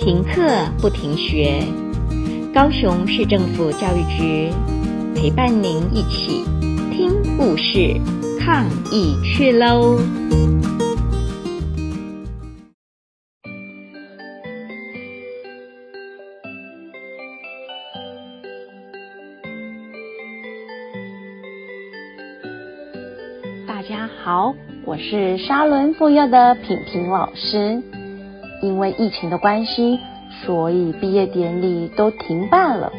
停課不停學，高雄市政府教育局陪伴您一起聽故事、抗疫趣嘍！大家好，我是砂崙附幼的萍萍老師。因為疫情的關係，所以畢業典禮都停辦了。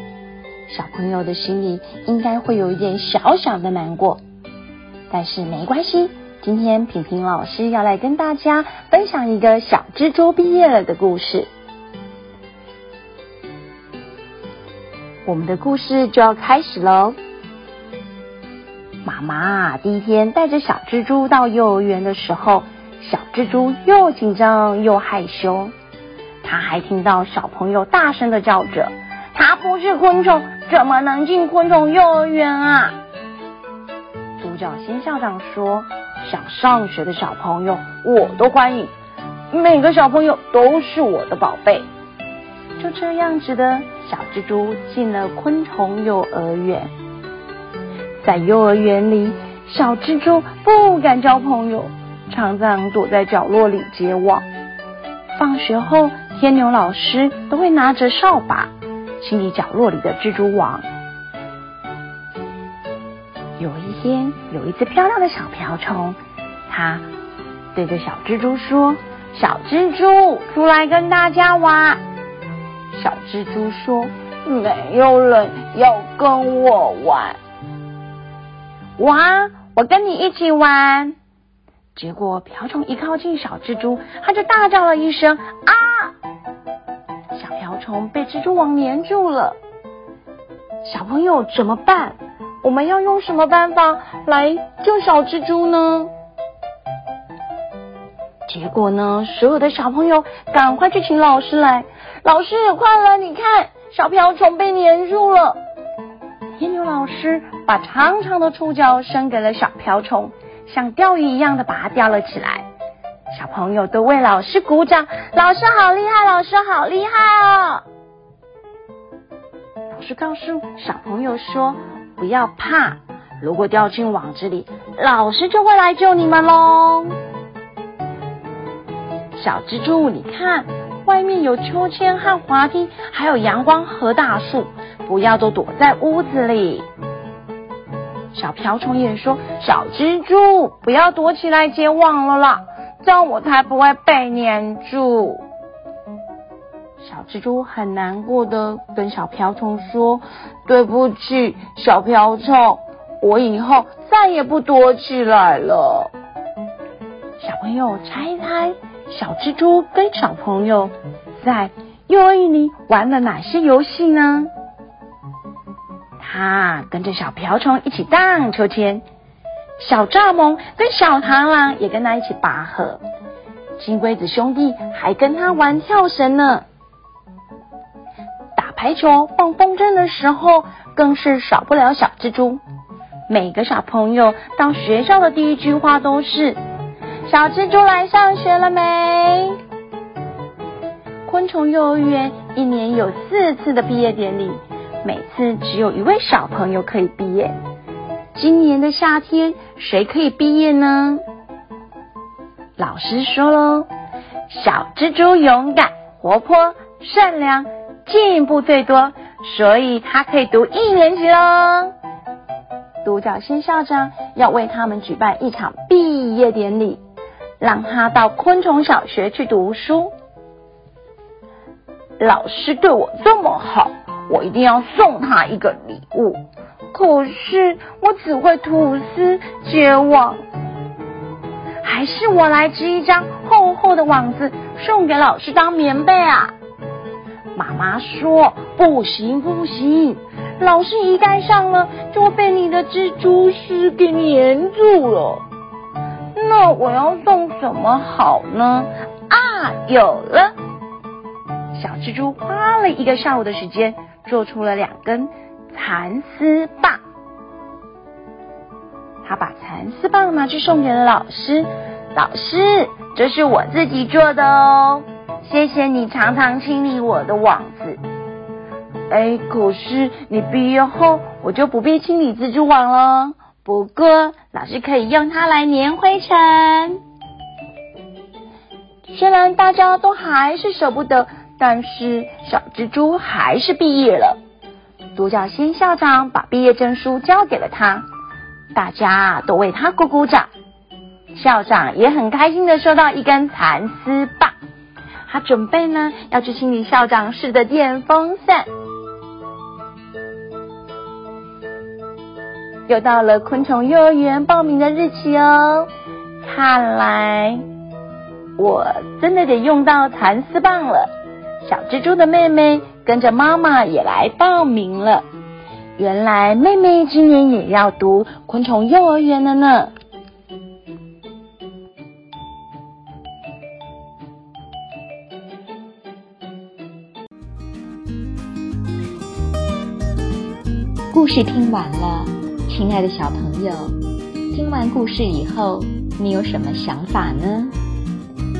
小朋友的心裡應該會有一點小小的難過，但是沒關係。今天平平老師要來跟大家分享一個小蜘蛛畢業了的故事。我們的故事就要開始嘍。媽媽第一天帶着小蜘蛛到幼兒園的時候。小蜘蛛又緊張又害羞，他還聽到小朋友大聲的叫着：“他不是昆蟲，怎麼能進昆蟲幼兒園啊？”獨角仙校長說：“想上學的小朋友我都歡迎，每個小朋友都是我的寶貝。”就這樣子的，小蜘蛛進了昆蟲幼兒園。在幼兒園裡，小蜘蛛不敢交朋友。常常躲在角落裡結網。放學後，天牛老師都會拿着掃把清理角落裡的蜘蛛網。有一天，有一隻漂亮的小瓢蟲，它對着小蜘蛛說：“小蜘蛛，出來跟大家玩。”小蜘蛛說：“沒有人要跟我玩。”“哇，我跟你一起玩。”結果，瓢蟲一靠近小蜘蛛，它就大叫了一聲。啊！小瓢蟲被蜘蛛網粘住了，小朋友怎麼辦？我們要用什麼辦法來救小蜘蛛呢？結果呢，所有的小朋友趕快去請老師來，老師快來，你看，小瓢蟲被粘住了。天牛老師把長長的觸角伸給了小瓢蟲。像釣魚一樣的把它釣了起來，小朋友都為老師鼓掌。老師好厲害，老師好厲害哦！老師告訴小朋友說：“不要怕，如果掉進網子裡，老師就會來救你們嘍。”小蜘蛛，你看外面有秋千和滑梯，還有陽光和大樹，不要都躲在屋子裡。小瓢蟲也說：“小蜘蛛，不要躲起來結網了啦，這樣我才不會被黏住。”小蜘蛛很難過的跟小瓢蟲說：“對不起，小瓢蟲，我以後再也不躲起來了。”小朋友猜一猜，小蜘蛛跟小朋友在幼兒園裡玩了哪些遊戲呢？他、啊、跟着小瓢蟲一起盪秋千，小蚱蜢跟小螳螂也跟他一起拔河，金龜子兄弟還跟他玩跳繩呢。打排球、放風箏的時候，更是少不了小蜘蛛。每個小朋友到學校的第一句話都是：“小蜘蛛來上學了沒？”昆蟲幼兒園一年有四次的畢業典禮。每次只有一位小朋友可以畢業。今年的夏天，誰可以畢業呢？老師說嘍，小蜘蛛勇敢、活潑、善良，進步最多，所以他可以讀一年級嘍。獨角仙校長要為他們舉辦一場畢業典禮，讓他到昆蟲小學去讀書。老師對我這麼好。我一定要送他一個禮物，可是我只會吐絲結網，還是我來織一張厚厚的網子送給老師當棉被啊？媽媽說不行不行，老師一蓋上了就被你的蜘蛛絲給粘住了。那我要送什麼好呢？啊，有了！小蜘蛛花了一個下午的時間。做出了兩根蠶絲棒，他把蠶絲棒拿去送給了老師。老師，這是我自己做的哦，謝謝你常常清理我的網子。哎，可是你畢業後，我就不必清理蜘蛛網了。不過，老師可以用它來粘灰塵。雖然大家都還是捨不得。但是小蜘蛛還是畢業了，獨角仙校長把畢業證書交給了他，大家都為他鼓鼓掌。校長也很開心地收到一根蠶絲棒，他準備呢，要去清理校長室的電風扇。又到了昆蟲幼兒園報名的日期哦，看來我真的得用到蠶絲棒了。小蜘蛛的妹妹跟着媽媽也來報名了，原來妹妹今年也要讀昆蟲幼兒園了呢。故事聽完了，親愛的小朋友，聽完故事以後，你有什麼想法呢？